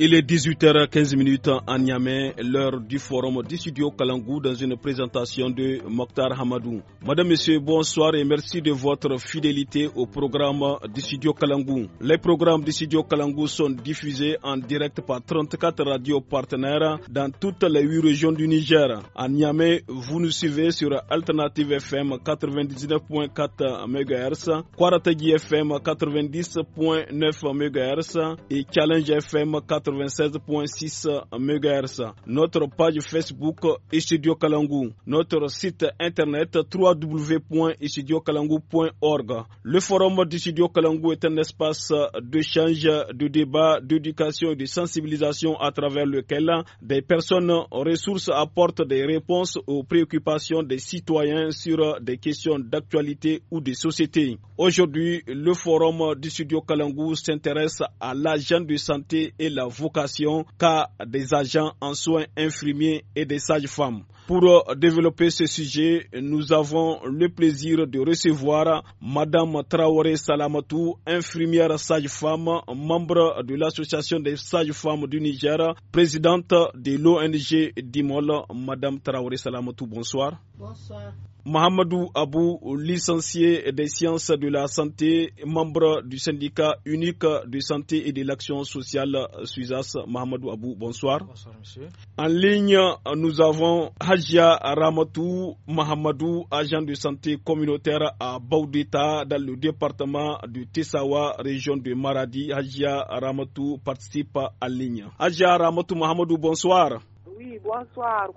Il est 18h15 à Niamey, l'heure du forum du studio Kalangou dans une présentation de Mokhtar Hamadou. Madame, Monsieur, bonsoir et merci de votre fidélité au programme du studio Kalangou. Les programmes du studio Kalangou sont diffusés en direct par 34 radios partenaires dans toutes les 8 régions du Niger. À Niamey, vous nous suivez sur Alternative FM 99.4 MHz, Kwaratagi FM 90.9 MHz et Challenge FM 4 96.6 MHz, notre page Facebook Studio Kalangu, notre site internet www.studiokalangu.org. Le forum du Studio Kalangu est un espace d'échange, de débat, d'éducation et de sensibilisation à travers lequel des personnes ressources apportent des réponses aux préoccupations des citoyens sur des questions d'actualité ou de société. Aujourd'hui, le forum du Studio Kalangu s'intéresse à l'agent de santé et la vocation qu'à des agents en soins infirmiers et des sages-femmes. Pour euh, développer ce sujet, nous avons le plaisir de recevoir Madame Traoré Salamatou, infirmière sage-femme, membre de l'Association des sages-femmes du Niger, présidente de l'ONG DIMOL. Madame Traoré Salamatou, bonsoir. Bonsoir. Mohamedou Abou, licencié des sciences de la santé, membre du syndicat unique de santé et de l'action sociale Suisas. Mohamedou Abou, bonsoir. Bonsoir, monsieur. En ligne, nous avons Hajia Ramatou Mohamedou, agent de santé communautaire à Baudeta, dans le département de Tessawa, région de Maradi. Hajia Ramatou participe en ligne. Hajia Ramatou Mohamedou, bonsoir. Oui, bonsoir.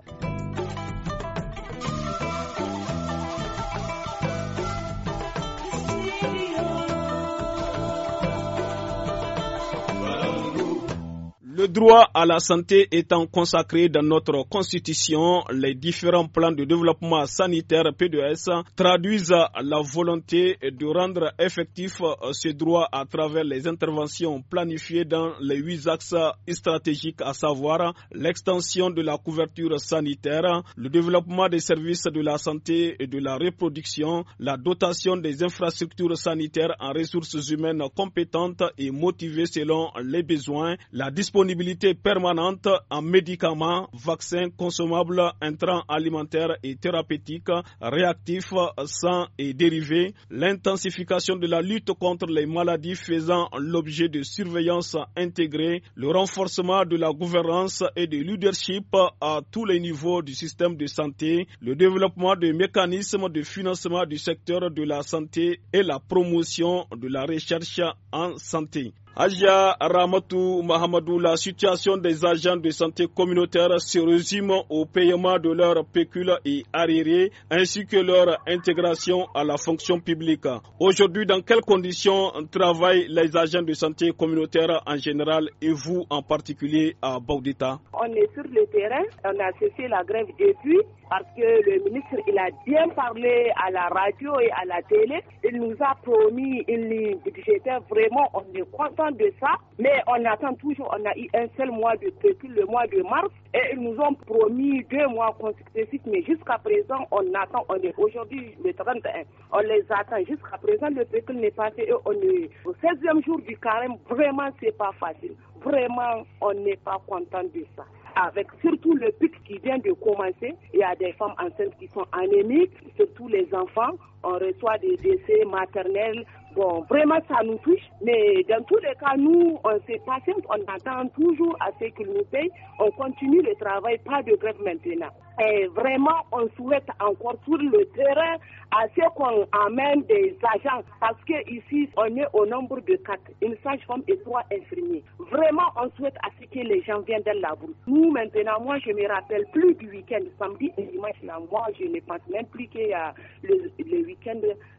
Le droit à la santé étant consacré dans notre constitution, les différents plans de développement sanitaire PDS traduisent la volonté de rendre effectif euh, ce droit à travers les interventions planifiées dans les huit axes stratégiques, à savoir l'extension de la couverture sanitaire, le développement des services de la santé et de la reproduction, la dotation des infrastructures sanitaires en ressources humaines compétentes et motivées selon les besoins, la disponibilité disponibilité permanente en médicaments, vaccins consommables, intrants alimentaires et thérapeutiques, réactifs, sans et dérivés, l'intensification de la lutte contre les maladies faisant l'objet de surveillance intégrée, le renforcement de la gouvernance et du leadership à tous les niveaux du système de santé, le développement de mécanismes de financement du secteur de la santé et la promotion de la recherche en santé. Aja Ramatou Mahamadou, la situation des agents de santé communautaire se résume au paiement de leurs pécules et arriérés ainsi que leur intégration à la fonction publique. Aujourd'hui, dans quelles conditions travaillent les agents de santé communautaire en général et vous en particulier à Baudita On est sur le terrain, on a cessé la grève depuis parce que le ministre il a bien parlé à la radio et à la télé. Il nous a promis une ligne budgétaire. Vraiment, on est content de ça, mais on attend toujours, on a eu un seul mois de pécule, le mois de mars, et ils nous ont promis deux mois consécutifs, mais jusqu'à présent, on attend, on est aujourd'hui le 31, on les attend. Jusqu'à présent, le pécule n'est pas fait, on est au 16e jour du carême, vraiment, c'est pas facile. Vraiment, on n'est pas content de ça avec surtout le pic qui vient de commencer. Il y a des femmes enceintes qui sont anémiques, surtout les enfants. On reçoit des décès maternels, Bon, vraiment, ça nous touche, mais dans tous les cas, nous, on s'est patiente, on attend toujours à ce qu'ils nous payent, on continue le travail, pas de grève maintenant. Et vraiment, on souhaite encore sur le terrain à ce qu'on amène des agents, parce que ici, on est au nombre de quatre, une sage-femme et trois infirmiers. Vraiment, on souhaite à ce que les gens viennent dans la Nous, maintenant, moi, je me rappelle plus du week-end, samedi et dimanche, là, moi, je ne pense même plus qu'il y a le, le week-end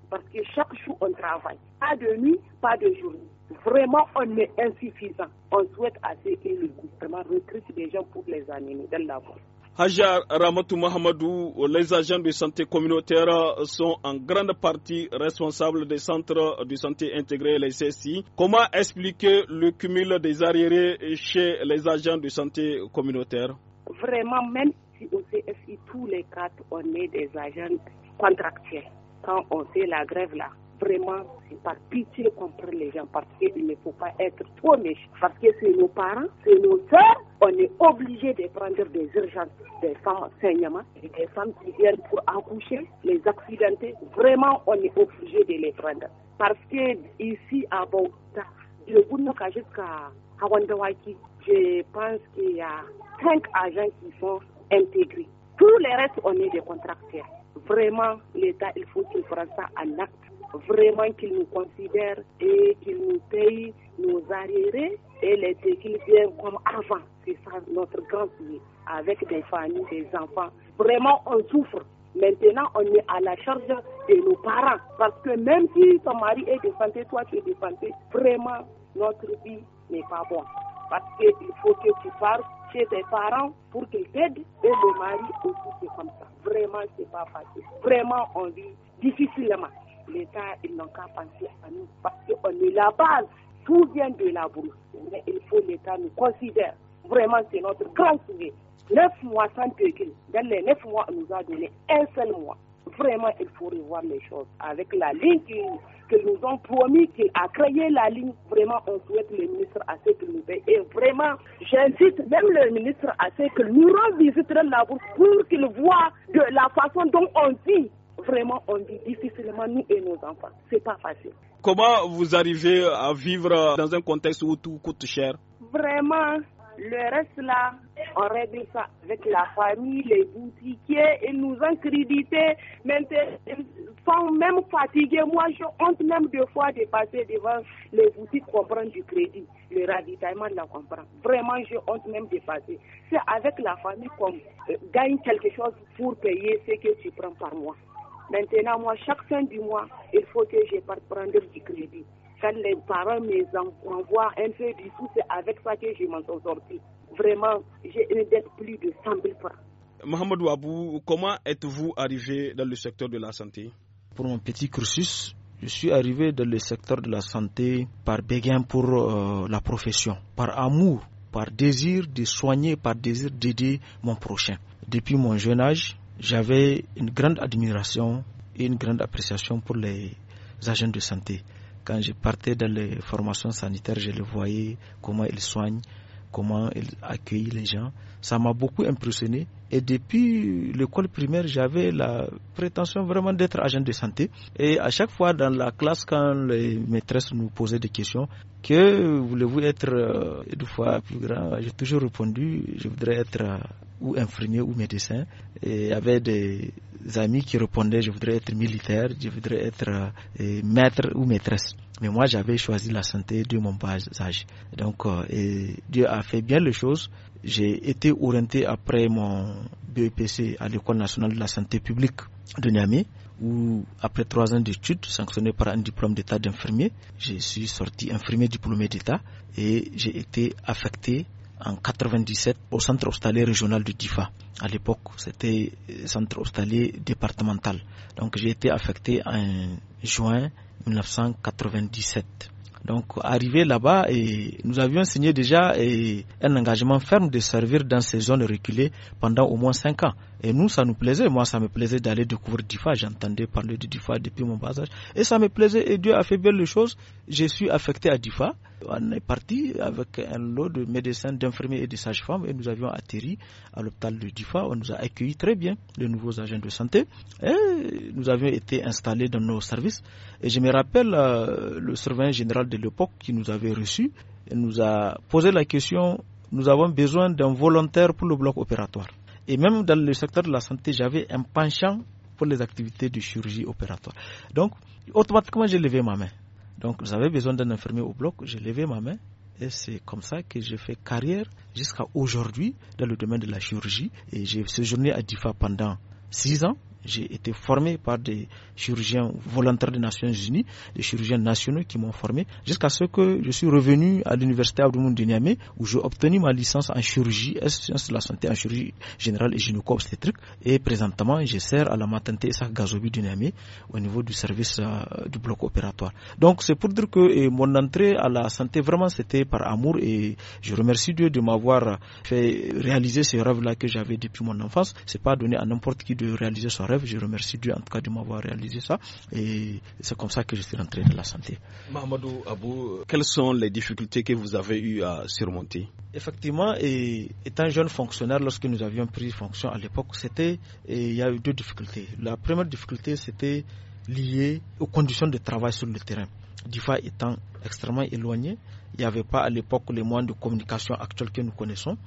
parce que chaque jour, on travaille. Pas de nuit, pas de journée. Vraiment, on est insuffisant. On souhaite assez que le gouvernement recrute des gens pour les animer dans la Hajar Ramatou Mahamadou, les agents de santé communautaire sont en grande partie responsables des centres de santé intégrés, les CSI. Comment expliquer le cumul des arriérés chez les agents de santé communautaire Vraiment, même si au CSI, tous les quatre, on est des agents contractuels quand on fait la grève là, vraiment, c'est par pitié qu'on prenne les gens parce qu'il ne faut pas être trop méchant. Parce que c'est nos parents, c'est nos soeurs, on est obligé de prendre des urgences, des femmes des femmes qui viennent pour accoucher, les accidentés. Vraiment, on est obligé de les prendre. Parce que ici à Bogota, de jusqu'à Hawandawaki, je pense qu'il y a cinq agents qui sont intégrés. Tous les restes, on est des contracteurs. Vraiment, l'État, il faut qu'il fasse ça en acte. Vraiment qu'il nous considère et qu'il nous paye nos arriérés et les vient comme avant. C'est ça notre grand vie avec des familles, des enfants. Vraiment, on souffre. Maintenant, on est à la charge de nos parents. Parce que même si ton mari est santé, toi tu es santé, vraiment, notre vie n'est pas bonne. Parce qu'il faut que tu parles ses parents pour qu'ils t'aident et le mari aussi c'est comme ça. Vraiment c'est pas facile. Vraiment on vit difficilement. L'État ils n'ont qu'à penser à nous parce qu'on est la bas Tout de la brousse. Mais il faut l'État nous considère. Vraiment c'est notre grand souvenir. Neuf mois sans pécule. Dans les neuf mois on nous a donné un seul mois vraiment, il faut revoir les choses. Avec la ligne que nous ont promis, qui a créé la ligne, vraiment, on souhaite le ministre à ce qu'il nous Et vraiment, j'incite même le ministre à ce que nous revisiterons la route pour qu'il voit de la façon dont on vit. Vraiment, on vit difficilement, nous et nos enfants. C'est pas facile. Comment vous arrivez à vivre dans un contexte où tout coûte cher Vraiment, le reste là, on règle ça avec la famille, les boutiquiers, ils nous ont crédité, même, ils même fatigués. Moi, je honte même deux fois de passer devant les boutiques pour prendre du crédit. Le ravitaillement, la comprend. Vraiment, je honte même de passer. C'est avec la famille qu'on euh, gagne quelque chose pour payer ce que tu prends par mois. Maintenant, moi, chaque fin du mois, il faut que je parte prendre du crédit quand les parents me voient un peu du tout, c'est avec ça que je m'en suis sorti. Vraiment, j'ai une dette plus de 100 000 francs. Mohamed Ouabou, comment êtes-vous arrivé dans le secteur de la santé Pour mon petit cursus, je suis arrivé dans le secteur de la santé par béguin pour euh, la profession, par amour, par désir de soigner, par désir d'aider mon prochain. Depuis mon jeune âge, j'avais une grande admiration et une grande appréciation pour les agents de santé. Quand je partais dans les formations sanitaires, je les voyais, comment ils soignent, comment elle accueille les gens. Ça m'a beaucoup impressionné. Et depuis l'école primaire, j'avais la prétention vraiment d'être agent de santé. Et à chaque fois dans la classe, quand les maîtresses nous posaient des questions, que voulez-vous être deux fois plus grand J'ai toujours répondu, je voudrais être euh, ou infirmier ou médecin. Et il y avait des amis qui répondaient, je voudrais être militaire, je voudrais être euh, maître ou maîtresse. Mais moi, j'avais choisi la santé de mon bas âge. Donc, euh, Dieu a fait bien les choses. J'ai été orienté après mon BEPC à l'École nationale de la santé publique de Niamey, où, après trois ans d'études, sanctionné par un diplôme d'état d'infirmier, je suis sorti infirmier diplômé d'état et j'ai été affecté en 97 au centre hospitalier régional de Difa. À l'époque, c'était euh, centre hospitalier départemental. Donc, j'ai été affecté en juin 1997. Donc, arrivé là-bas, et nous avions signé déjà un engagement ferme de servir dans ces zones reculées pendant au moins cinq ans. Et nous, ça nous plaisait. Moi, ça me plaisait d'aller découvrir Difa. J'entendais parler de Difa depuis mon passage. Et ça me plaisait. Et Dieu a fait belle les choses. Je suis affecté à Difa on est parti avec un lot de médecins, d'infirmiers et de sages-femmes et nous avions atterri à l'hôpital de Difa. On nous a accueillis très bien, les nouveaux agents de santé. Et nous avions été installés dans nos services. Et je me rappelle euh, le surveillant général de l'époque qui nous avait reçus et nous a posé la question nous avons besoin d'un volontaire pour le bloc opératoire. Et même dans le secteur de la santé, j'avais un penchant pour les activités de chirurgie opératoire. Donc, automatiquement, j'ai levé ma main. Donc j'avais besoin d'un infirmier au bloc, j'ai levé ma main et c'est comme ça que j'ai fait carrière jusqu'à aujourd'hui dans le domaine de la chirurgie. Et j'ai séjourné à DIFA pendant six ans. J'ai été formé par des chirurgiens volontaires des Nations Unies, des chirurgiens nationaux qui m'ont formé, jusqu'à ce que je suis revenu à l'université Abdoumoun de Niamey, où j'ai obtenu ma licence en chirurgie, sciences de la santé, en chirurgie générale et gynéco Et présentement, je sers à la maternité Issa Gazobi de Niamey, au niveau du service euh, du bloc opératoire. Donc, c'est pour dire que mon entrée à la santé, vraiment, c'était par amour et je remercie Dieu de m'avoir fait réaliser ce rêve-là que j'avais depuis mon enfance. C'est pas donné à n'importe qui de réaliser son rêve je remercie Dieu en tout cas de m'avoir réalisé ça. Et c'est comme ça que je suis rentré dans la santé. Mahamadou Abou, quelles sont les difficultés que vous avez eu à surmonter Effectivement, étant jeune fonctionnaire, lorsque nous avions pris fonction à l'époque, c'était il y a eu deux difficultés. La première difficulté, c'était liée aux conditions de travail sur le terrain. DIFA étant extrêmement éloigné, il n'y avait pas à l'époque les moyens de communication actuels que nous connaissons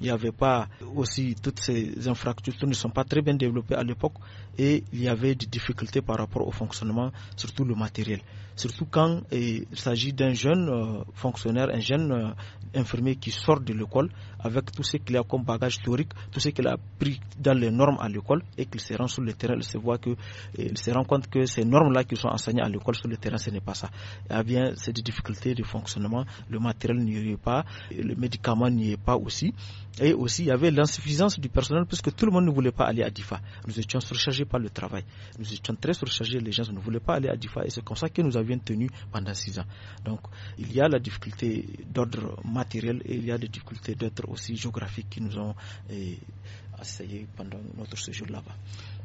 il n'y avait pas aussi toutes ces infrastructures ne sont pas très bien développées à l'époque et il y avait des difficultés par rapport au fonctionnement, surtout le matériel surtout quand euh, il s'agit d'un jeune euh, fonctionnaire, un jeune euh, infirmier qui sort de l'école avec tout ce qu'il a comme bagage théorique, tout ce qu'il a pris dans les normes à l'école et qu'il se rend sur le terrain, il se voit que, il se rend compte que ces normes-là qui sont enseignées à l'école sur le terrain, ce n'est pas ça. Eh bien, c'est des difficultés de fonctionnement, le matériel n'y est pas, le médicament n'y est pas aussi. Et aussi, il y avait l'insuffisance du personnel puisque tout le monde ne voulait pas aller à DIFA. Nous étions surchargés par le travail. Nous étions très surchargés, les gens ne voulaient pas aller à DIFA et c'est comme ça que nous bien tenu pendant six ans. Donc, il y a la difficulté d'ordre matériel et il y a des difficultés d'ordre aussi géographique qui nous ont eh, essayé pendant notre séjour là-bas.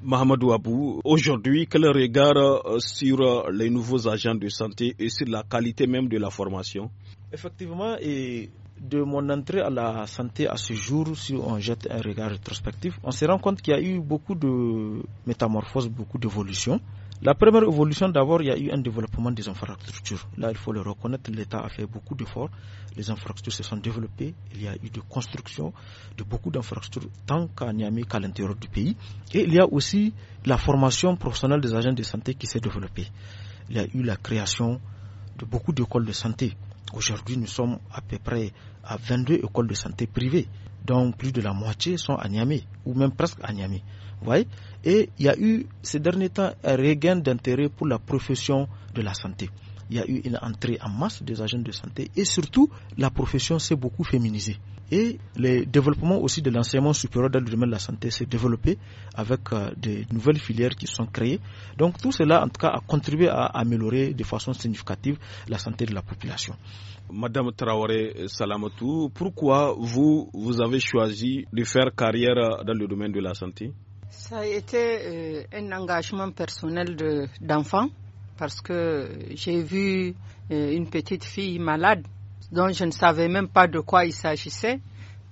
Mahamadou Abou, aujourd'hui, quel regard euh, sur euh, les nouveaux agents de santé et sur la qualité même de la formation Effectivement, et de mon entrée à la santé à ce jour, si on jette un regard rétrospectif, on se rend compte qu'il y a eu beaucoup de métamorphoses, beaucoup d'évolutions. La première évolution, d'abord, il y a eu un développement des infrastructures. Là, il faut le reconnaître, l'État a fait beaucoup d'efforts. Les infrastructures se sont développées. Il y a eu de construction de beaucoup d'infrastructures, tant qu'à Niamey qu'à l'intérieur du pays. Et il y a aussi la formation professionnelle des agents de santé qui s'est développée. Il y a eu la création de beaucoup d'écoles de santé. Aujourd'hui, nous sommes à peu près à 22 écoles de santé privées, dont plus de la moitié sont à Niamey, ou même presque à Niamey. Et il y a eu ces derniers temps un regain d'intérêt pour la profession de la santé. Il y a eu une entrée en masse des agents de santé et surtout la profession s'est beaucoup féminisée. Et le développement aussi de l'enseignement supérieur dans le domaine de la santé s'est développé avec euh, de nouvelles filières qui sont créées. Donc tout cela, en tout cas, a contribué à améliorer de façon significative la santé de la population. Madame Traoré Salamatou, pourquoi vous, vous avez choisi de faire carrière dans le domaine de la santé ça a été euh, un engagement personnel d'enfant parce que j'ai vu euh, une petite fille malade dont je ne savais même pas de quoi il s'agissait.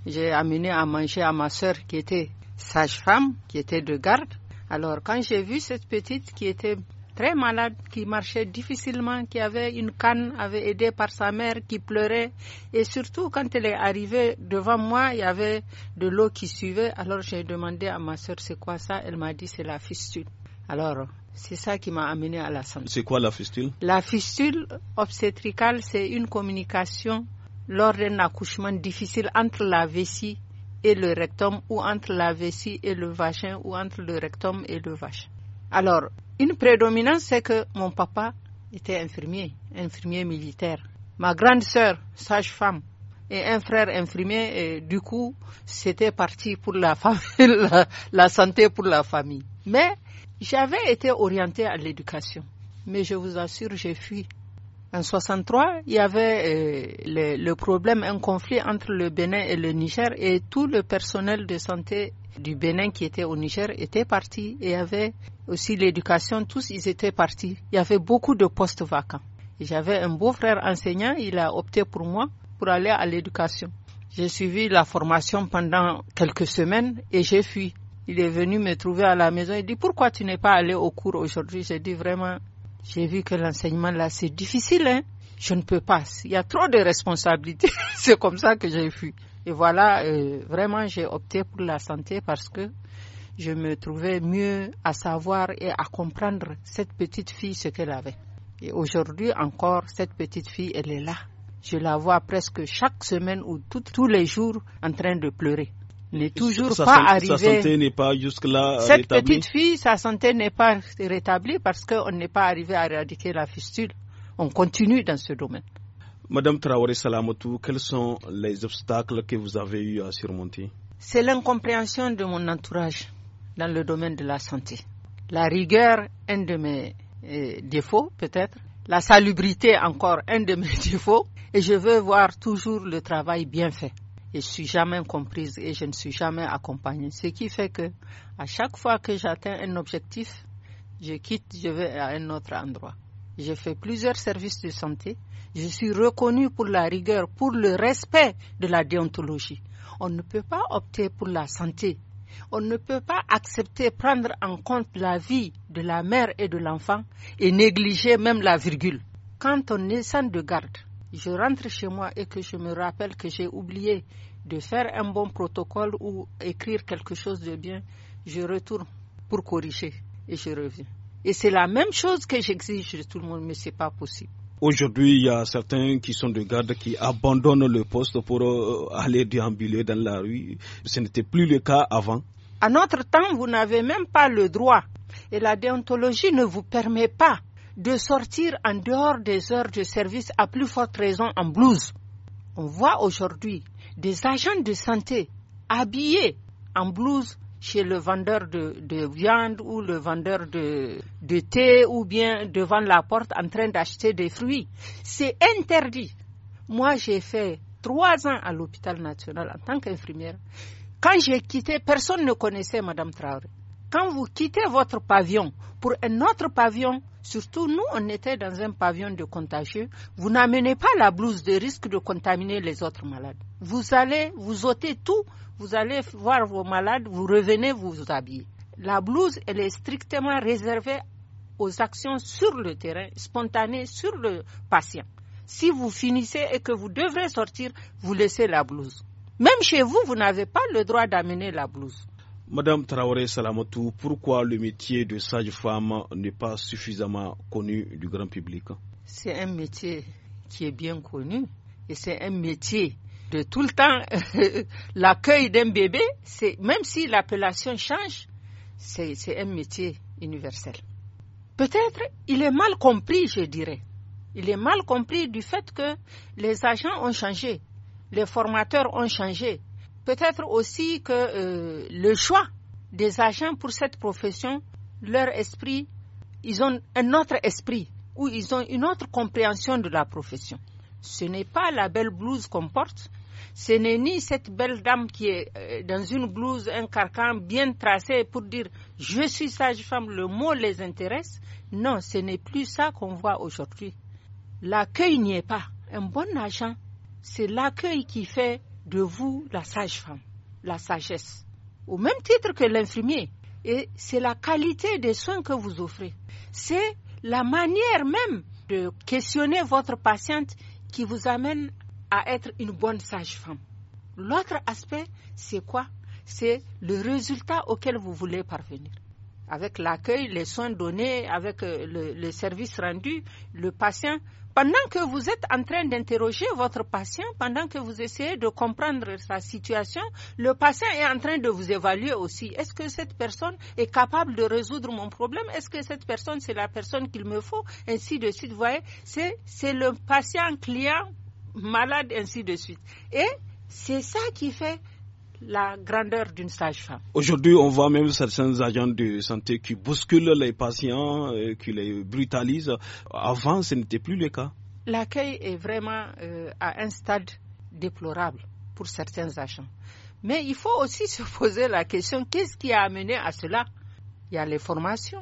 J'ai amené à manger à ma soeur qui était sage-femme, qui était de garde. Alors quand j'ai vu cette petite qui était très malade, qui marchait difficilement, qui avait une canne, avait aidé par sa mère, qui pleurait. Et surtout, quand elle est arrivée devant moi, il y avait de l'eau qui suivait. Alors j'ai demandé à ma soeur, c'est quoi ça Elle m'a dit, c'est la fistule. Alors, c'est ça qui m'a amené à la santé. C'est quoi la fistule La fistule obstétricale, c'est une communication lors d'un accouchement difficile entre la vessie et le rectum ou entre la vessie et le vagin ou entre le rectum et le vagin. Alors, une prédominance, c'est que mon papa était infirmier, infirmier militaire. Ma grande sœur, sage-femme, et un frère infirmier, du coup, c'était parti pour la, la santé pour la famille. Mais j'avais été orientée à l'éducation. Mais je vous assure, j'ai fui. En 63, il y avait euh, le, le, problème, un conflit entre le Bénin et le Niger et tout le personnel de santé du Bénin qui était au Niger était parti et il y avait aussi l'éducation, tous ils étaient partis. Il y avait beaucoup de postes vacants. J'avais un beau frère enseignant, il a opté pour moi pour aller à l'éducation. J'ai suivi la formation pendant quelques semaines et j'ai fui. Il est venu me trouver à la maison. Il dit pourquoi tu n'es pas allé au cours aujourd'hui J'ai dit vraiment, j'ai vu que l'enseignement là c'est difficile. Hein? Je ne peux pas. Il y a trop de responsabilités. c'est comme ça que j'ai fui. Et voilà, euh, vraiment, j'ai opté pour la santé parce que je me trouvais mieux à savoir et à comprendre cette petite fille ce qu'elle avait. Et aujourd'hui encore, cette petite fille, elle est là. Je la vois presque chaque semaine ou tous les jours en train de pleurer. N'est toujours pas arrivée. Sa santé n'est pas jusque euh, Cette petite fille, sa santé n'est pas rétablie parce qu'on n'est pas arrivé à éradiquer la fistule. On continue dans ce domaine. Madame Traoré Salamotou, quels sont les obstacles que vous avez eu à surmonter C'est l'incompréhension de mon entourage dans le domaine de la santé. La rigueur, un de mes euh, défauts peut-être. La salubrité, encore un de mes défauts. Et je veux voir toujours le travail bien fait. Je je suis jamais comprise et je ne suis jamais accompagnée. Ce qui fait que à chaque fois que j'atteins un objectif, je quitte, je vais à un autre endroit. J'ai fais plusieurs services de santé je suis reconnu pour la rigueur, pour le respect de la déontologie. On ne peut pas opter pour la santé. On ne peut pas accepter prendre en compte la vie de la mère et de l'enfant et négliger même la virgule. Quand on est sans de garde, je rentre chez moi et que je me rappelle que j'ai oublié de faire un bon protocole ou écrire quelque chose de bien, je retourne pour corriger et je reviens. Et c'est la même chose que j'exige de tout le monde, mais ce n'est pas possible. Aujourd'hui, il y a certains qui sont de garde qui abandonnent le poste pour euh, aller déambuler dans la rue. Ce n'était plus le cas avant. À notre temps, vous n'avez même pas le droit. Et la déontologie ne vous permet pas de sortir en dehors des heures de service à plus forte raison en blouse. On voit aujourd'hui des agents de santé habillés en blouse chez le vendeur de, de, viande ou le vendeur de, de thé ou bien devant la porte en train d'acheter des fruits. C'est interdit. Moi, j'ai fait trois ans à l'hôpital national en tant qu'infirmière. Quand j'ai quitté, personne ne connaissait Madame Traoré. Quand vous quittez votre pavillon pour un autre pavillon, Surtout, nous, on était dans un pavillon de contagieux. Vous n'amenez pas la blouse de risque de contaminer les autres malades. Vous allez, vous ôtez tout, vous allez voir vos malades, vous revenez, vous vous habillez. La blouse, elle est strictement réservée aux actions sur le terrain, spontanées sur le patient. Si vous finissez et que vous devrez sortir, vous laissez la blouse. Même chez vous, vous n'avez pas le droit d'amener la blouse. Madame Traoré Salamotou, pourquoi le métier de sage-femme n'est pas suffisamment connu du grand public C'est un métier qui est bien connu et c'est un métier de tout le temps. L'accueil d'un bébé, c'est même si l'appellation change, c'est un métier universel. Peut-être il est mal compris, je dirais. Il est mal compris du fait que les agents ont changé, les formateurs ont changé, Peut-être aussi que euh, le choix des agents pour cette profession, leur esprit, ils ont un autre esprit ou ils ont une autre compréhension de la profession. Ce n'est pas la belle blouse qu'on porte, ce n'est ni cette belle dame qui est euh, dans une blouse, un carcan bien tracé pour dire je suis sage-femme, le mot les intéresse. Non, ce n'est plus ça qu'on voit aujourd'hui. L'accueil n'y est pas. Un bon agent, c'est l'accueil qui fait de vous la sage-femme, la sagesse, au même titre que l'infirmier. Et c'est la qualité des soins que vous offrez. C'est la manière même de questionner votre patiente qui vous amène à être une bonne sage-femme. L'autre aspect, c'est quoi C'est le résultat auquel vous voulez parvenir. Avec l'accueil, les soins donnés, avec euh, le, le service rendu, le patient pendant que vous êtes en train d'interroger votre patient, pendant que vous essayez de comprendre sa situation, le patient est en train de vous évaluer aussi. Est-ce que cette personne est capable de résoudre mon problème Est-ce que cette personne, c'est la personne qu'il me faut Ainsi de suite, vous voyez, c'est le patient client malade, ainsi de suite. Et c'est ça qui fait la grandeur d'une sage-femme. Aujourd'hui, on voit même certains agents de santé qui bousculent les patients, qui les brutalisent. Avant, ce n'était plus le cas. L'accueil est vraiment euh, à un stade déplorable pour certains agents. Mais il faut aussi se poser la question, qu'est-ce qui a amené à cela Il y a les formations,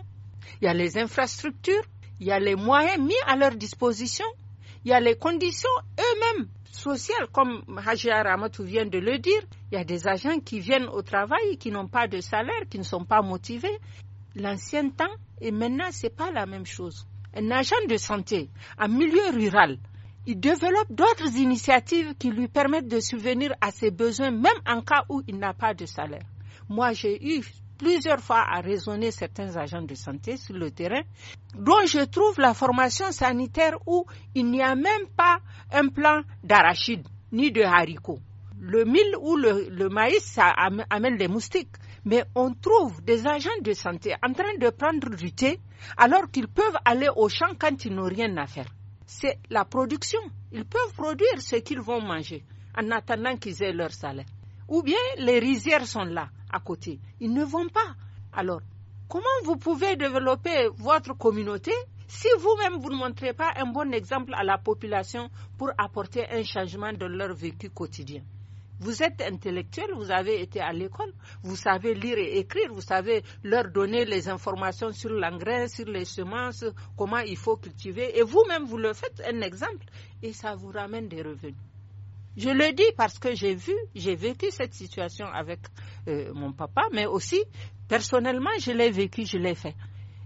il y a les infrastructures, il y a les moyens mis à leur disposition, il y a les conditions eux-mêmes social comme Haji Aramatou vient de le dire, il y a des agents qui viennent au travail, qui n'ont pas de salaire, qui ne sont pas motivés. L'ancien temps et maintenant, ce n'est pas la même chose. Un agent de santé en milieu rural, il développe d'autres initiatives qui lui permettent de subvenir à ses besoins, même en cas où il n'a pas de salaire. Moi, j'ai eu plusieurs fois à raisonner certains agents de santé sur le terrain, dont je trouve la formation sanitaire où il n'y a même pas un plan d'arachide ni de haricots. Le mil ou le, maïs, ça amène des moustiques mais on trouve des agents de santé en train de prendre du thé alors qu'ils peuvent aller au champ quand ils n'ont rien à faire. C'est la production. Ils peuvent produire ce qu'ils vont manger en attendant qu'ils aient leur salaire ou bien les rizières sont là, à côté. Ils ne vont pas. Alors, comment vous pouvez développer votre communauté si vous-même vous ne montrez pas un bon exemple à la population pour apporter un changement dans leur vécu quotidien vous êtes intellectuel, vous avez été à l'école, vous savez lire et écrire, vous savez leur donner les informations sur l'engrais, sur les semences, comment il faut cultiver, et vous-même vous le faites un exemple, et ça vous ramène des revenus. Je le dis parce que j'ai vu, j'ai vécu cette situation avec euh, mon papa, mais aussi personnellement, je l'ai vécu, je l'ai fait.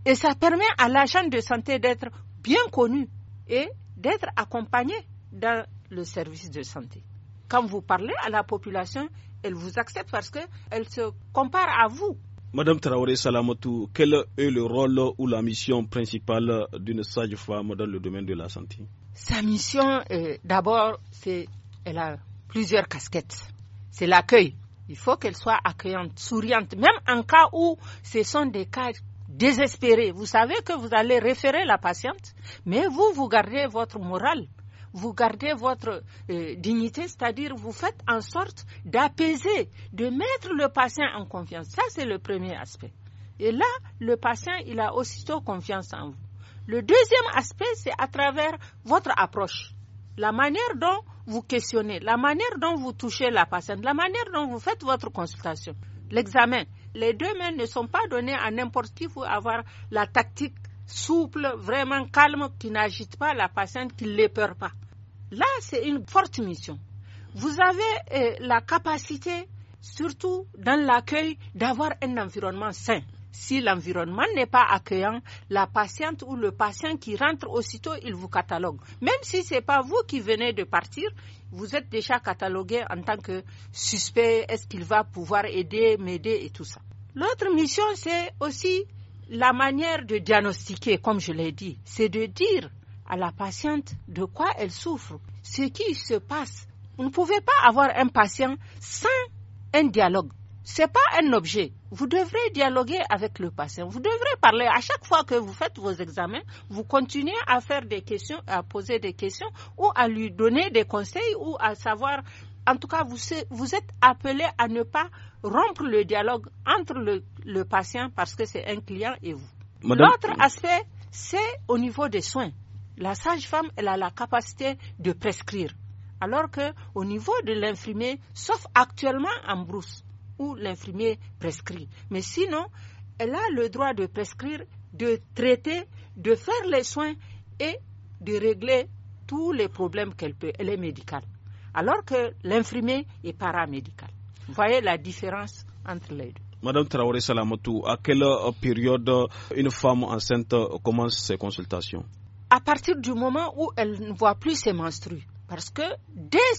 Et ça permet à l'agent de santé d'être bien connu et d'être accompagné dans le service de santé. Quand vous parlez à la population, elle vous accepte parce qu'elle se compare à vous. Madame Traoré Salamotou, quel est le rôle ou la mission principale d'une sage-femme dans le domaine de la santé Sa mission, euh, d'abord, c'est elle a plusieurs casquettes. C'est l'accueil. Il faut qu'elle soit accueillante, souriante, même en cas où ce sont des cas désespérés. Vous savez que vous allez référer la patiente, mais vous, vous gardez votre morale, vous gardez votre euh, dignité, c'est-à-dire vous faites en sorte d'apaiser, de mettre le patient en confiance. Ça, c'est le premier aspect. Et là, le patient, il a aussitôt confiance en vous. Le deuxième aspect, c'est à travers votre approche, la manière dont vous questionnez, la manière dont vous touchez la patiente, la manière dont vous faites votre consultation, l'examen. Les deux mains ne sont pas données à n'importe qui. Il faut avoir la tactique souple, vraiment calme, qui n'agite pas la patiente, qui ne l'épeure pas. Là, c'est une forte mission. Vous avez euh, la capacité, surtout dans l'accueil, d'avoir un environnement sain. Si l'environnement n'est pas accueillant, la patiente ou le patient qui rentre aussitôt, il vous catalogue. Même si ce n'est pas vous qui venez de partir, vous êtes déjà catalogué en tant que suspect. Est-ce qu'il va pouvoir aider, m'aider et tout ça. L'autre mission, c'est aussi la manière de diagnostiquer, comme je l'ai dit. C'est de dire à la patiente de quoi elle souffre, ce qui se passe. Vous ne pouvez pas avoir un patient sans un dialogue n'est pas un objet. Vous devrez dialoguer avec le patient. Vous devrez parler. À chaque fois que vous faites vos examens, vous continuez à faire des questions, à poser des questions ou à lui donner des conseils ou à savoir. En tout cas, vous, êtes appelé à ne pas rompre le dialogue entre le, patient parce que c'est un client et vous. L'autre aspect, c'est au niveau des soins. La sage-femme, elle a la capacité de prescrire. Alors que au niveau de l'infirmier, sauf actuellement en brousse, ou l'infirmier prescrit. Mais sinon, elle a le droit de prescrire, de traiter, de faire les soins et de régler tous les problèmes qu'elle peut. Elle est médicale. Alors que l'infirmier est paramédical. Vous voyez la différence entre les deux. Madame Traoré Salamotou, à quelle période une femme enceinte commence ses consultations À partir du moment où elle ne voit plus ses menstrues. Parce que dès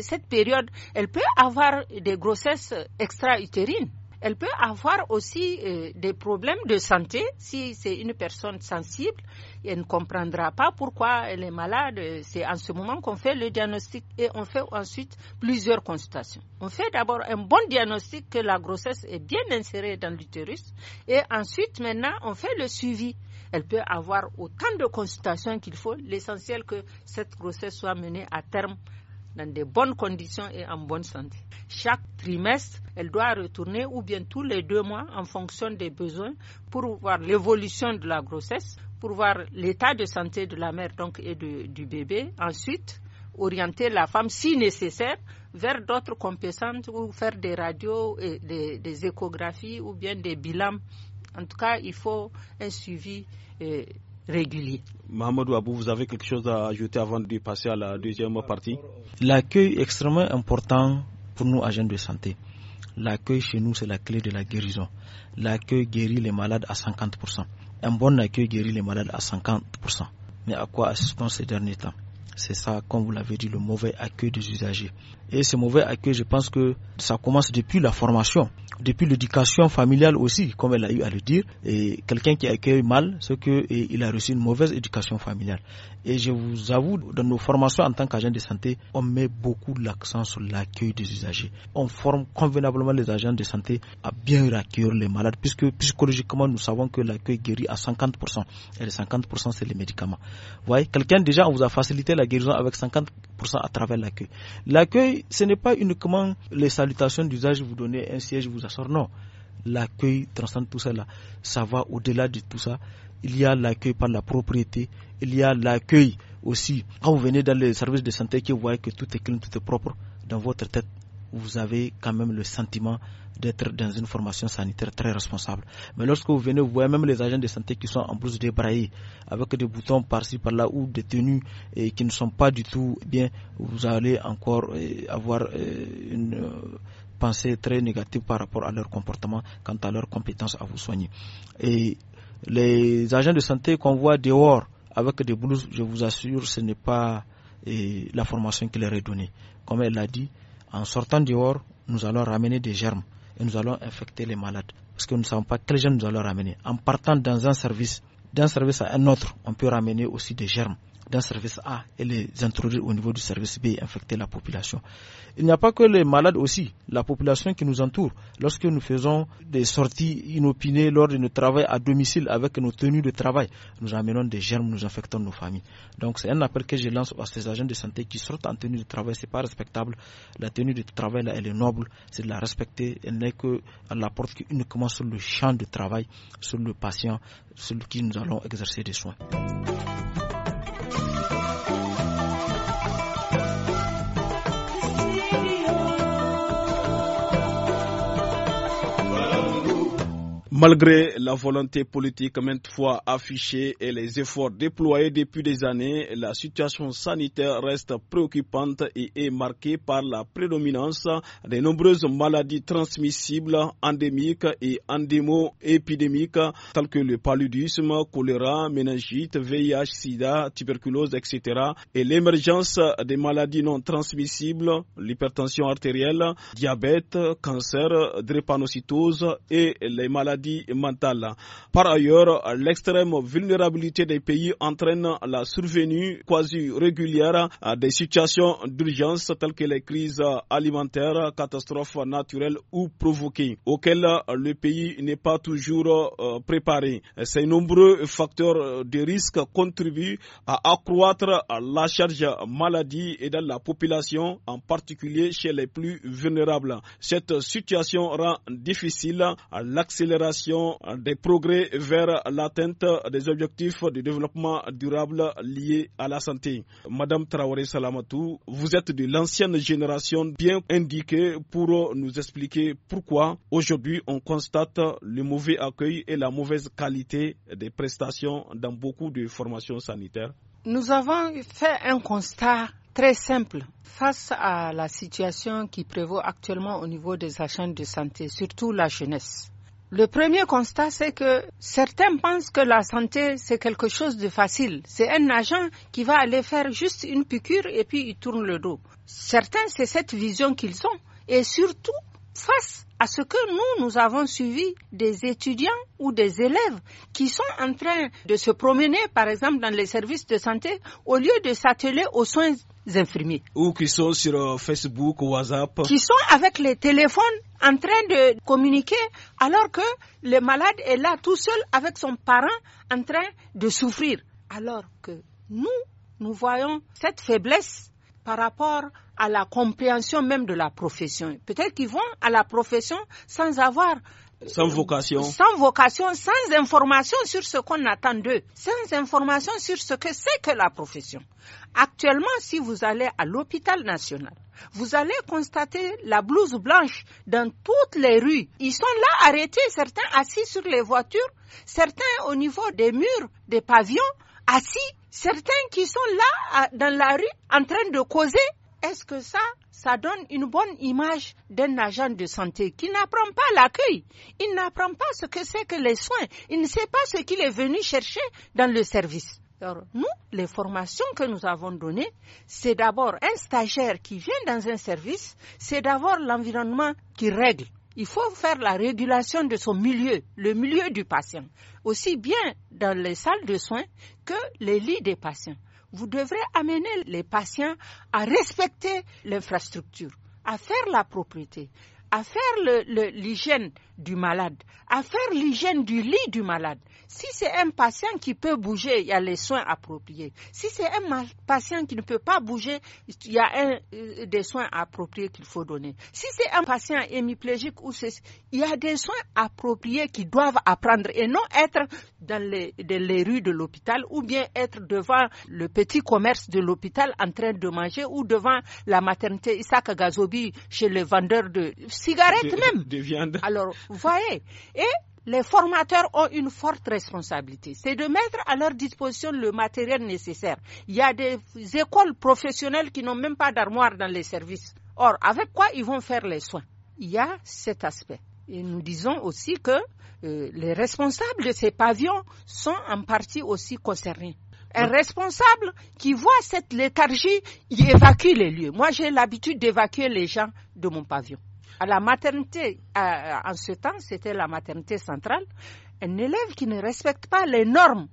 cette période, elle peut avoir des grossesses extra-utérines. Elle peut avoir aussi euh, des problèmes de santé si c'est une personne sensible. Elle ne comprendra pas pourquoi elle est malade. C'est en ce moment qu'on fait le diagnostic et on fait ensuite plusieurs consultations. On fait d'abord un bon diagnostic que la grossesse est bien insérée dans l'utérus et ensuite maintenant on fait le suivi elle peut avoir autant de consultations qu'il faut, l'essentiel que cette grossesse soit menée à terme dans de bonnes conditions et en bonne santé. Chaque trimestre, elle doit retourner ou bien tous les deux mois en fonction des besoins pour voir l'évolution de la grossesse, pour voir l'état de santé de la mère donc et du bébé. Ensuite, orienter la femme si nécessaire vers d'autres compétences ou faire des radios, et des échographies ou bien des bilans en tout cas, il faut un suivi euh, régulier. Mohamed Ouabou, vous avez quelque chose à ajouter avant de passer à la deuxième partie L'accueil est extrêmement important pour nous, agents de santé. L'accueil chez nous, c'est la clé de la guérison. L'accueil guérit les malades à 50%. Un bon accueil guérit les malades à 50%. Mais à quoi assistons ces derniers temps c'est ça, comme vous l'avez dit, le mauvais accueil des usagers. Et ce mauvais accueil, je pense que ça commence depuis la formation, depuis l'éducation familiale aussi, comme elle a eu à le dire. Et quelqu'un qui accueille mal, c'est qu'il a reçu une mauvaise éducation familiale. Et je vous avoue, dans nos formations en tant qu'agent de santé, on met beaucoup l'accent sur l'accueil des usagers. On forme convenablement les agents de santé à bien accueillir les malades, puisque psychologiquement, nous savons que l'accueil guérit à 50%. Et les 50%, c'est les médicaments. voyez, quelqu'un déjà, vous a facilité la guérison avec 50% à travers l'accueil. L'accueil, ce n'est pas uniquement les salutations d'usage, vous donnez un siège, vous assurez. Non. L'accueil transcende tout cela. Ça va au-delà de tout ça. Il y a l'accueil par la propriété. Il y a l'accueil aussi. Quand vous venez dans les services de santé, que vous voyez que tout est clean, tout est propre dans votre tête, vous avez quand même le sentiment d'être dans une formation sanitaire très responsable. Mais lorsque vous venez, vous voyez même les agents de santé qui sont en plus débraillés, avec des boutons par-ci, par-là, ou des tenues et qui ne sont pas du tout bien, vous allez encore euh, avoir euh, une euh, pensée très négative par rapport à leur comportement quant à leur compétence à vous soigner. Et les agents de santé qu'on voit dehors avec des blouses, je vous assure, ce n'est pas la formation qui leur est donnée. Comme elle l'a dit, en sortant dehors, nous allons ramener des germes et nous allons infecter les malades. Parce que nous ne savons pas quel germes nous allons ramener. En partant dans un service, d'un service à un autre, on peut ramener aussi des germes d'un service A et les introduire au niveau du service B infecter la population. Il n'y a pas que les malades aussi, la population qui nous entoure. Lorsque nous faisons des sorties inopinées lors de notre travail à domicile avec nos tenues de travail, nous amenons des germes, nous infectons nos familles. Donc c'est un appel que je lance à ces agents de santé qui sortent en tenue de travail, c'est pas respectable. La tenue de travail elle est noble, c'est de la respecter. Elle n'est que à la porte uniquement sur le champ de travail, sur le patient, sur qui nous allons exercer des soins. Malgré la volonté politique maintes fois affichée et les efforts déployés depuis des années, la situation sanitaire reste préoccupante et est marquée par la prédominance des nombreuses maladies transmissibles, endémiques et endémo-épidémiques, telles que le paludisme, choléra, méningite, VIH, sida, tuberculose, etc. et l'émergence des maladies non transmissibles, l'hypertension artérielle, diabète, cancer, drépanocytose et les maladies mentale. Par ailleurs, l'extrême vulnérabilité des pays entraîne la survenue quasi régulière euh, des situations d'urgence telles que les crises alimentaires, catastrophes naturelles ou provoquées, auxquelles le pays n'est pas toujours euh, préparé. Ces nombreux facteurs de risque contribuent à accroître la charge maladie et dans la population, en particulier chez les plus vulnérables. Cette situation rend difficile l'accélération des progrès vers l'atteinte des objectifs de développement durable liés à la santé. Madame Traoré Salamatou, vous êtes de l'ancienne génération bien indiquée pour nous expliquer pourquoi aujourd'hui on constate le mauvais accueil et la mauvaise qualité des prestations dans beaucoup de formations sanitaires. Nous avons fait un constat très simple. Face à la situation qui prévaut actuellement au niveau des agents de santé, surtout la jeunesse, le premier constat, c'est que certains pensent que la santé, c'est quelque chose de facile. C'est un agent qui va aller faire juste une piqûre et puis il tourne le dos. Certains, c'est cette vision qu'ils ont. Et surtout, face à ce que nous, nous avons suivi des étudiants ou des élèves qui sont en train de se promener, par exemple, dans les services de santé, au lieu de s'atteler aux soins infirmiers. Ou qui sont sur euh, Facebook, WhatsApp. Qui sont avec les téléphones en train de communiquer alors que le malade est là tout seul avec son parent en train de souffrir. Alors que nous, nous voyons cette faiblesse par rapport à la compréhension même de la profession. Peut-être qu'ils vont à la profession sans avoir euh, sans vocation. Sans vocation, sans information sur ce qu'on attend d'eux, sans information sur ce que c'est que la profession. Actuellement, si vous allez à l'hôpital national, vous allez constater la blouse blanche dans toutes les rues. Ils sont là arrêtés, certains assis sur les voitures, certains au niveau des murs, des pavillons, assis, certains qui sont là dans la rue en train de causer est-ce que ça, ça donne une bonne image d'un agent de santé qui n'apprend pas l'accueil, il n'apprend pas ce que c'est que les soins, il ne sait pas ce qu'il est venu chercher dans le service. Alors, nous, les formations que nous avons données, c'est d'abord un stagiaire qui vient dans un service, c'est d'abord l'environnement qui règle. Il faut faire la régulation de son milieu, le milieu du patient, aussi bien dans les salles de soins que les lits des patients vous devrez amener les patients à respecter l'infrastructure, à faire la propriété, à faire l'hygiène du malade, à faire l'hygiène du lit du malade. Si c'est un patient qui peut bouger, il y a les soins appropriés. Si c'est un patient qui ne peut pas bouger, il y a euh, des soins appropriés qu'il faut donner. Si c'est un patient hémiplégique ou il y a des soins appropriés qui doivent apprendre et non être dans les, rues de l'hôpital ou bien être devant le petit commerce de l'hôpital en train de manger ou devant la maternité Isaac Gazobi chez le vendeur de cigarettes même. Alors vous voyez Et les formateurs ont une forte responsabilité. C'est de mettre à leur disposition le matériel nécessaire. Il y a des écoles professionnelles qui n'ont même pas d'armoire dans les services. Or, avec quoi ils vont faire les soins Il y a cet aspect. Et nous disons aussi que euh, les responsables de ces pavillons sont en partie aussi concernés. Un responsable qui voit cette léthargie, il évacue les lieux. Moi, j'ai l'habitude d'évacuer les gens de mon pavillon. À la maternité, en ce temps, c'était la maternité centrale. Un élève qui ne respecte pas les normes,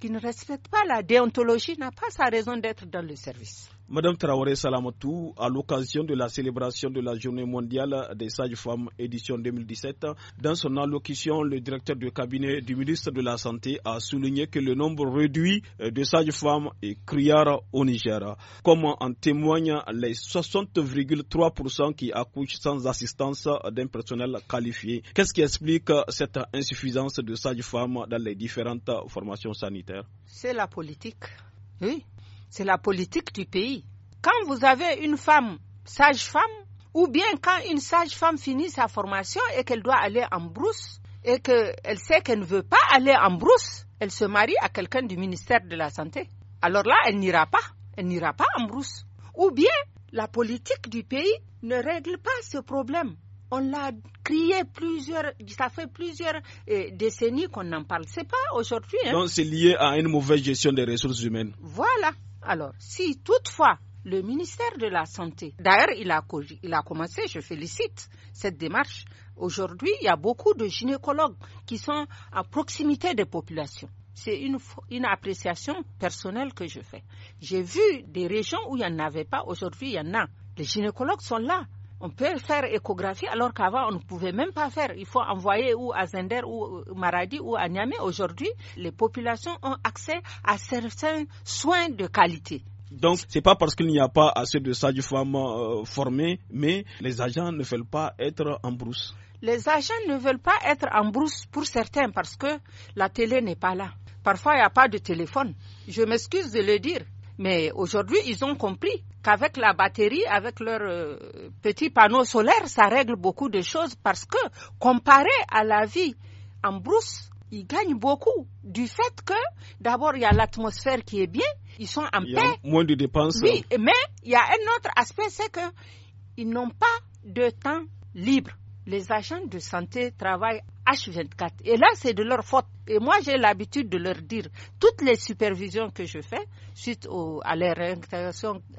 qui ne respecte pas la déontologie, n'a pas sa raison d'être dans le service. Madame Traoré Salamatou, à l'occasion de la célébration de la Journée mondiale des sages-femmes édition 2017, dans son allocution, le directeur de cabinet du ministre de la Santé a souligné que le nombre réduit de sages-femmes est criard au Niger, comme en témoignent les 60,3% qui accouchent sans assistance d'un personnel qualifié. Qu'est-ce qui explique cette insuffisance de sages-femmes dans les différentes formations sanitaires C'est la politique. Oui, c'est la politique du pays. Quand vous avez une femme sage-femme, ou bien quand une sage-femme finit sa formation et qu'elle doit aller en brousse, et qu'elle sait qu'elle ne veut pas aller en brousse, elle se marie à quelqu'un du ministère de la Santé. Alors là, elle n'ira pas. Elle n'ira pas en brousse. Ou bien, la politique du pays ne règle pas ce problème. On l'a crié plusieurs, ça fait plusieurs euh, décennies qu'on n'en parle. C'est pas aujourd'hui. Hein. Donc c'est lié à une mauvaise gestion des ressources humaines. Voilà. Alors, si toutefois le ministère de la Santé, d'ailleurs, il a, commencé, je félicite cette démarche. Aujourd'hui, il y a beaucoup de gynécologues qui sont à proximité des populations. C'est une, une, appréciation personnelle que je fais. J'ai vu des régions où il n'y en avait pas. Aujourd'hui, il y en a. Les gynécologues sont là on peut faire échographie alors qu'avant on ne pouvait même pas faire. Il faut envoyer ou à Zender ou Maradi ou à Niamey. Aujourd'hui, les populations ont accès à certains soins de qualité. Donc, n'est pas parce qu'il n'y a pas assez de sages-femmes euh, formées, mais les agents ne veulent pas être en brousse. Les agents ne veulent pas être en brousse pour certains parce que la télé n'est pas là. Parfois, il n'y a pas de téléphone. Je m'excuse de le dire. Mais aujourd'hui, ils ont compris qu'avec la batterie, avec leur euh, petit panneau solaire, ça règle beaucoup de choses parce que comparé à la vie en brousse, ils gagnent beaucoup du fait que d'abord il y a l'atmosphère qui est bien, ils sont en paix. moins de dépenses. Oui, mais il y a un autre aspect, c'est que ils n'ont pas de temps libre les agents de santé travaillent H24. Et là, c'est de leur faute. Et moi, j'ai l'habitude de leur dire, toutes les supervisions que je fais, suite à leur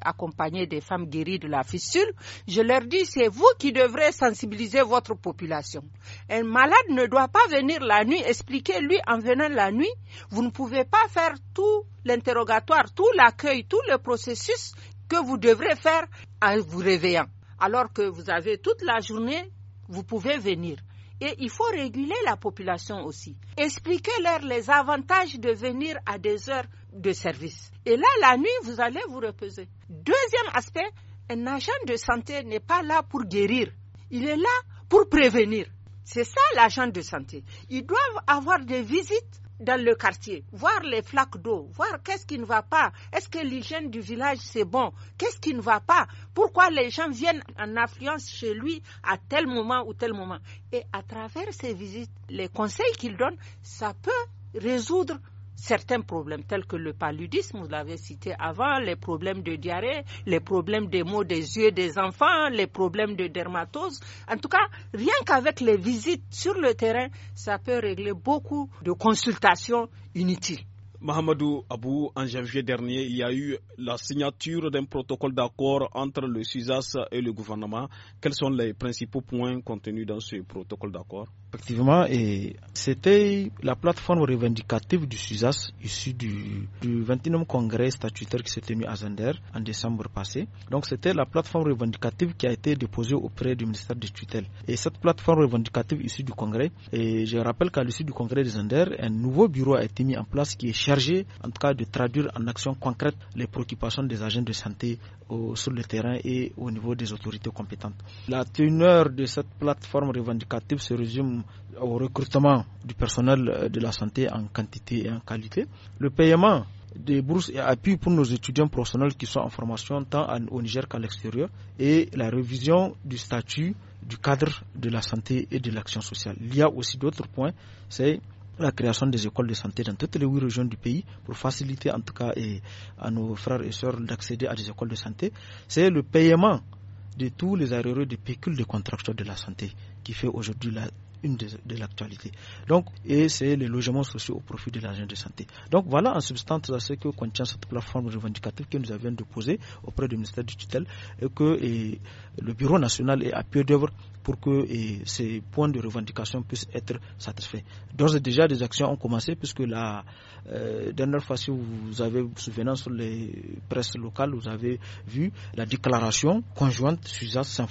accompagnée des femmes guéries de la fistule, je leur dis, c'est vous qui devrez sensibiliser votre population. Un malade ne doit pas venir la nuit expliquer, lui, en venant la nuit, vous ne pouvez pas faire tout l'interrogatoire, tout l'accueil, tout le processus que vous devrez faire en vous réveillant alors que vous avez toute la journée vous pouvez venir. Et il faut réguler la population aussi. Expliquez-leur les avantages de venir à des heures de service. Et là, la nuit, vous allez vous reposer. Deuxième aspect, un agent de santé n'est pas là pour guérir. Il est là pour prévenir. C'est ça l'agent de santé. Ils doivent avoir des visites dans le quartier, voir les flaques d'eau, voir qu'est-ce qui ne va pas, est-ce que l'hygiène du village c'est bon, qu'est-ce qui ne va pas, pourquoi les gens viennent en affluence chez lui à tel moment ou tel moment. Et à travers ces visites, les conseils qu'il donne, ça peut résoudre certains problèmes tels que le paludisme, vous l'avez cité avant, les problèmes de diarrhée, les problèmes des maux des yeux des enfants, les problèmes de dermatose. En tout cas, rien qu'avec les visites sur le terrain, ça peut régler beaucoup de consultations inutiles. Mahamadou Abou, en janvier dernier, il y a eu la signature d'un protocole d'accord entre le SUSAS et le gouvernement. Quels sont les principaux points contenus dans ce protocole d'accord Effectivement, c'était la plateforme revendicative du SUSAS issue du, du 29e congrès statutaire qui s'est tenu à Zander en décembre passé. Donc c'était la plateforme revendicative qui a été déposée auprès du ministère des tutelles. Et cette plateforme revendicative issue du congrès, et je rappelle qu'à l'issue du congrès de Zander, un nouveau bureau a été mis en place qui est en tout cas de traduire en actions concrètes les préoccupations des agents de santé euh, sur le terrain et au niveau des autorités compétentes. La teneur de cette plateforme revendicative se résume au recrutement du personnel euh, de la santé en quantité et en qualité, le paiement des bourses et appuis pour nos étudiants professionnels qui sont en formation tant au Niger qu'à l'extérieur et la révision du statut du cadre de la santé et de l'action sociale. Il y a aussi d'autres points, c'est la création des écoles de santé dans toutes les huit régions du pays pour faciliter en tout cas à nos frères et sœurs d'accéder à des écoles de santé. C'est le paiement de tous les arriérés de pécules de contracteurs de la santé qui fait aujourd'hui la une de, l'actualité. Donc, et c'est les logements sociaux au profit de l'agent de santé. Donc voilà en substance ce que contient cette plateforme revendicative que nous avions déposée auprès du ministère du tutelle et que le Bureau national est à pied d'œuvre pour que ces points de revendication puissent être satisfaits. D'ores et déjà, des actions ont commencé puisque la euh, dernière fois, si vous avez vous souvenant sur les presses locales, vous avez vu la déclaration conjointe Suzanne saint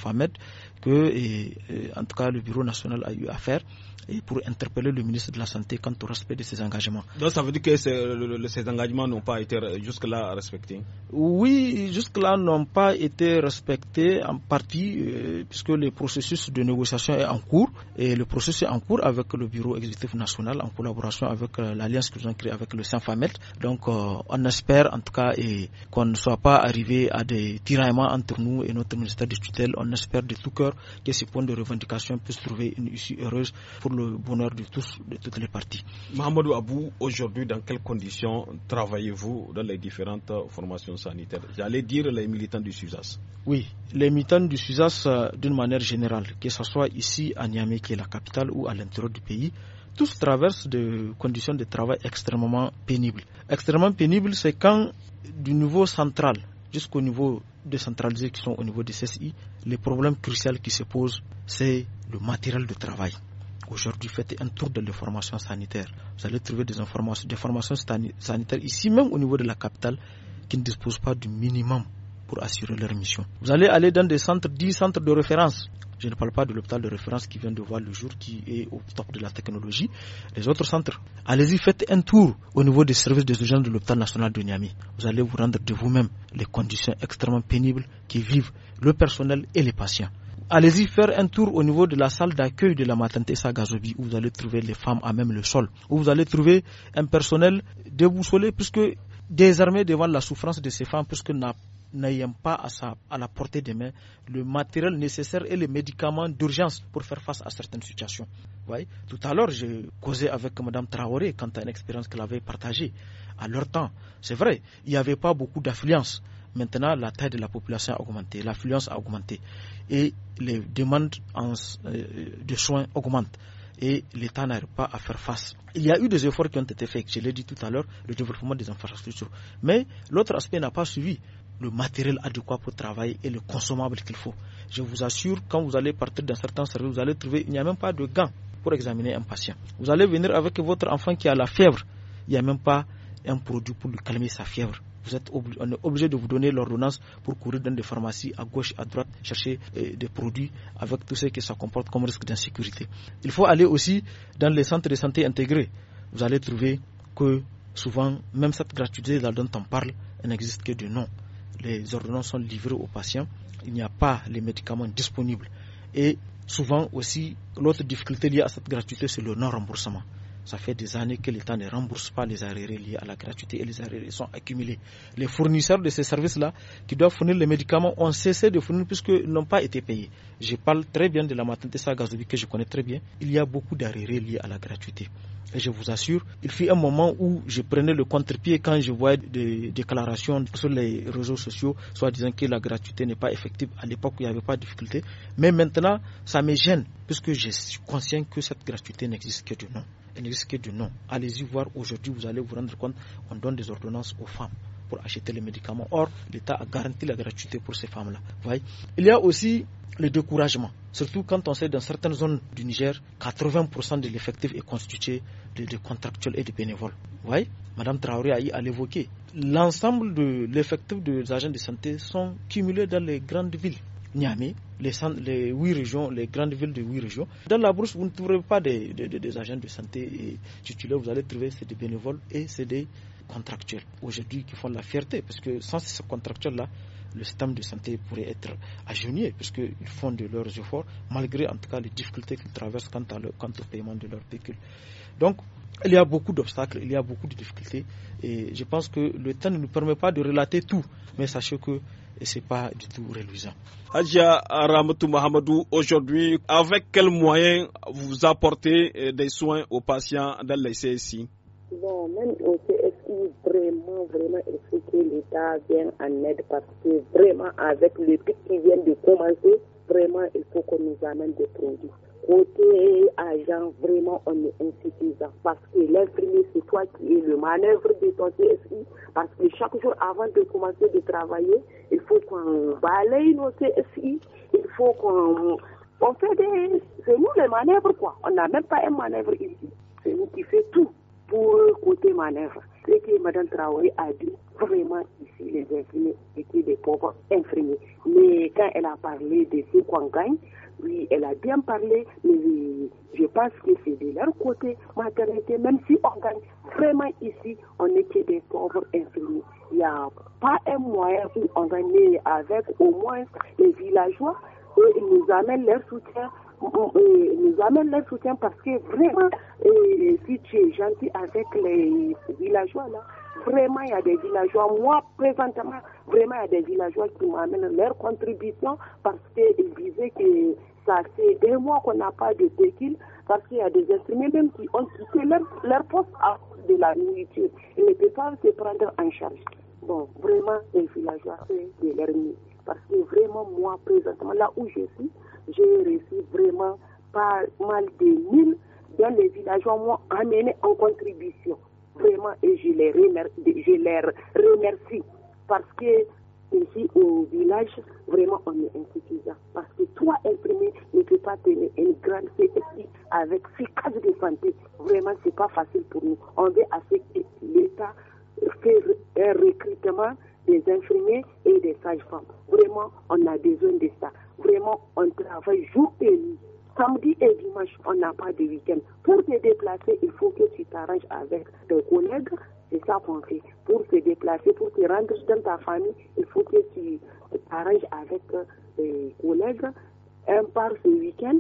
que, et, en tout cas, le Bureau national a eu affaire et pour interpeller le ministre de la Santé quant au respect de ses engagements. Donc ça veut dire que ces, engagements n'ont pas été jusque-là respectés Oui, jusque-là n'ont pas été respectés en partie euh, puisque le processus de négociation est en cours et le processus est en cours avec le Bureau exécutif national en collaboration avec euh, l'alliance que nous avons créée avec le saint Donc euh, on espère en tout cas qu'on ne soit pas arrivé à des tiraillements entre nous et notre ministère de tutelle. On espère de tout cœur que ce point de revendication puisse trouver une issue heureuse pour le bonheur de tous, de toutes les parties. Mohamedou Abou, aujourd'hui, dans quelles conditions travaillez-vous dans les différentes formations sanitaires J'allais dire les militants du SUSAS. Oui, les militants du SUSAS, euh, d'une manière générale, que ce soit ici à Niamey, qui est la capitale, ou à l'intérieur du pays, tous traversent des conditions de travail extrêmement pénibles. Extrêmement pénibles, c'est quand du niveau central jusqu'au niveau décentralisés qui sont au niveau des CSI, le problème crucial qui se pose, c'est le matériel de travail. Aujourd'hui, faites un tour de l'information sanitaire. Vous allez trouver des informations, des formations sanitaires ici même au niveau de la capitale qui ne disposent pas du minimum pour assurer leur mission. Vous allez aller dans des centres, 10 centres de référence. Je ne parle pas de l'hôpital de référence qui vient de voir le jour, qui est au top de la technologie. Les autres centres, allez-y, faites un tour au niveau des services des urgences de l'hôpital national de Niamey. Vous allez vous rendre de vous-même les conditions extrêmement pénibles qui vivent le personnel et les patients. Allez-y faire un tour au niveau de la salle d'accueil de la maternité Sagazobi où vous allez trouver les femmes à même le sol, où vous allez trouver un personnel déboussolé puisque désarmé devant la souffrance de ces femmes puisque n'a n'ayant pas à, la portée des mains le matériel nécessaire et les médicaments d'urgence pour faire face à certaines situations. Tout à l'heure, j'ai causé avec Mme Traoré quant à une expérience qu'elle avait partagée à leur temps. C'est vrai, il n'y avait pas beaucoup d'affluence. Maintenant, la taille de la population a augmenté, l'affluence a augmenté et les demandes euh, euh, de soins augmentent et l'État n'arrive pas à faire face. Il y a eu des efforts qui ont été faits, je l'ai dit tout à l'heure, le développement des infrastructures. Mais l'autre aspect n'a pas suivi le matériel adéquat pour travailler et le consommable qu'il faut. Je vous assure, quand vous allez partir dans certains services, vous allez trouver, il n'y a même pas de gants pour examiner un patient. Vous allez venir avec votre enfant qui a la fièvre, il n'y a même pas un produit pour lui calmer sa fièvre. Vous êtes on obligé de vous donner l'ordonnance pour courir dans des pharmacies à gauche, à droite, chercher euh, des produits avec tout ce que ça comporte comme risque d'insécurité. Il faut aller aussi dans les centres de santé intégrés. Vous allez trouver que souvent, même cette gratuité dont on parle, n'existe que de nom les ordonnances sont livrées aux patients, il n'y a pas les médicaments disponibles. Et souvent aussi, l'autre difficulté liée à cette gratuité, c'est le non-remboursement. Ça fait des années que l'État ne rembourse pas les arrêts liés à la gratuité et les arrêts sont accumulés. Les fournisseurs de ces services-là, qui doivent fournir les médicaments, ont cessé de fournir puisqu'ils n'ont pas été payés. Je parle très bien de la maternité Sagazobi que je connais très bien. Il y a beaucoup d'arriérés liés à la gratuité. Et je vous assure, il fut un moment où je prenais le contre-pied quand je voyais des déclarations sur les réseaux sociaux, soit disant que la gratuité n'est pas effective à l'époque où il n'y avait pas de difficulté. Mais maintenant, ça me gêne, puisque je suis conscient que cette gratuité n'existe que du nom risque de non. Allez-y voir aujourd'hui, vous allez vous rendre compte, on donne des ordonnances aux femmes pour acheter les médicaments. Or, l'État a garanti la gratuité pour ces femmes-là. Il y a aussi le découragement, surtout quand on sait dans certaines zones du Niger, 80% de l'effectif est constitué de, contractuels et de bénévoles. Madame Traoré a, évoqué L'ensemble de l'effectif des agents de santé sont cumulés dans les grandes villes. Niamey, les, huit régions, les grandes villes de huit régions. Dans la brousse, vous ne trouverez pas des, agents de santé titulaires, vous allez trouver ces des bénévoles et c'est des contractuels aujourd'hui qui font la fierté parce que sans ces contractuels là le système de santé pourrait être agenouillé puisqu'ils font de leurs efforts malgré en tout cas les difficultés qu'ils traversent quant, quant au paiement de leurs véhicules donc il y a beaucoup d'obstacles, il y a beaucoup de difficultés et je pense que le temps ne nous permet pas de relater tout mais sachez que et c'est pas du tout reluisant. Adja Ramoutou Mahamadou, aujourd'hui, avec quels moyens vous apportez euh, des soins aux patients dans les CSI Bon, même au CSI, vraiment, vraiment, il faut que l'État vienne en aide parce que vraiment, avec les truc qui viennent de commencer, vraiment, il faut qu'on nous amène des produits côté agent, vraiment, on est insuffisant. Parce que l'infirmier, c'est toi qui es le manœuvre de ton CSI. Parce que chaque jour, avant de commencer de travailler, il faut qu'on balaye nos CSI. Il faut qu'on on fait des... C'est nous les manœuvres, quoi. On n'a même pas un manœuvre ici. C'est nous qui fait tout pour euh, côté manœuvre. Ce que Mme Traoré a dit, vraiment ici, les infirmiers étaient des pauvres infirmiers. Mais quand elle a parlé de ce qu'on gagne, oui, elle a bien parlé, mais je pense que c'est de leur côté, maternité, même si on gagne. Vraiment ici, on était des pauvres infirmiers. Il n'y a pas un moyen où on gagne avec au moins les villageois, où ils nous amènent leur soutien nous amènent leur soutien parce que vraiment, si tu es gentil avec les villageois, là, vraiment, il y a des villageois. Moi, présentement, vraiment, il y a des villageois qui m'amènent leur contribution parce qu'ils disaient que ça fait des mois qu'on n'a pas de tequila parce qu'il y a des instruments même qui ont quitté leur, leur poste à de la nourriture. Ils ne peuvent pas se prendre en charge. Bon, vraiment, les villageois, c'est de leur Parce que vraiment, moi, présentement, là où je suis, j'ai reçu vraiment pas mal de mille dans les villageois m'a amené en contribution. Vraiment, et je les remercie, parce que ici au village, vraiment, on est insuffisant. Parce que toi, imprimé, ne peux pas tenir une grande fête avec six cases de santé. Vraiment, c'est pas facile pour nous. On veut à que l'État fait un recrutement des infirmiers et des sages-femmes. Vraiment, on a besoin de ça. Vraiment, on travaille jour et nuit. Samedi et dimanche, on n'a pas de week-end. Pour te déplacer, il faut que tu t'arranges avec tes collègues. C'est ça qu'on Pour te déplacer, pour te rendre dans ta famille, il faut que tu t'arranges avec euh, tes collègues. Un part ce week-end,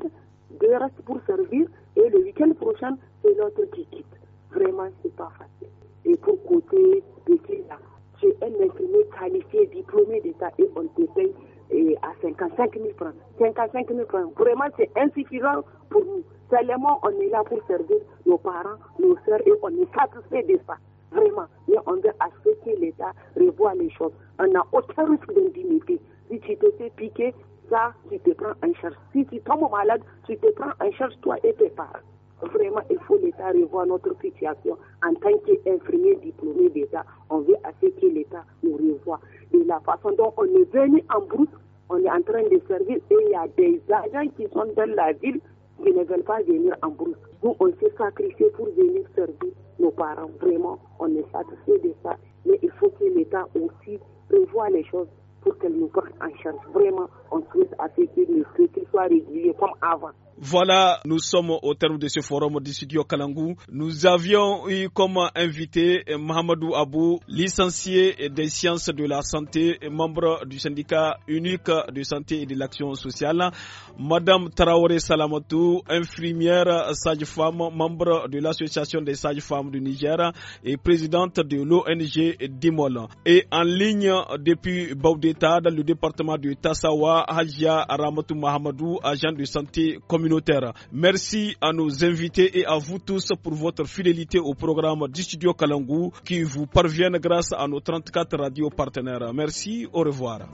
deux restent pour servir, et le week-end prochain, c'est l'autre qui quitte. Vraiment, c'est pas facile. Et pour côté petit, là, tu es infirmier qualifié, diplômé d'État et on te paye eh, à 55 000 francs. 55 000 francs, vraiment, c'est insuffisant pour nous. Seulement, on est là pour servir nos parents, nos soeurs et on est satisfait de ça. Vraiment. Mais on veut ce que l'État revoie les choses. On n'a aucun risque d'indignité. Si tu te fais piquer, ça, tu te prends en charge. Si tu tombes malade, tu te prends en charge toi et tes parents. Vraiment, il faut l'État revoir notre situation. En tant qu'infirmiers diplômé d'État, on veut à ce que l'État nous revoie. De la façon dont on est venu en brousse, on est en train de servir et il y a des agents qui sont dans la ville qui ne veulent pas venir en brousse. Nous, on s'est sacrifié pour venir servir nos parents. Vraiment, on est satisfait de ça. Mais il faut que l'État aussi revoie les choses pour qu'elle nous prenne en charge. Vraiment, on souhaite à ce que le soit régulier comme avant. Voilà, nous sommes au terme de ce forum du studio Kalangou. Nous avions eu comme invité Mohamedou Abou, licencié des sciences de la santé, et membre du syndicat unique de santé et de l'action sociale. Madame Traoré Salamatou, infirmière sage-femme, membre de l'association des sages-femmes du Niger et présidente de l'ONG Dimol. Et en ligne depuis Baudeta, le département de Tassawa, Hajia Aramatou Mohamedou, agent de santé communautaire Merci à nos invités et à vous tous pour votre fidélité au programme du studio Kalangou qui vous parviennent grâce à nos 34 radios partenaires. Merci, au revoir.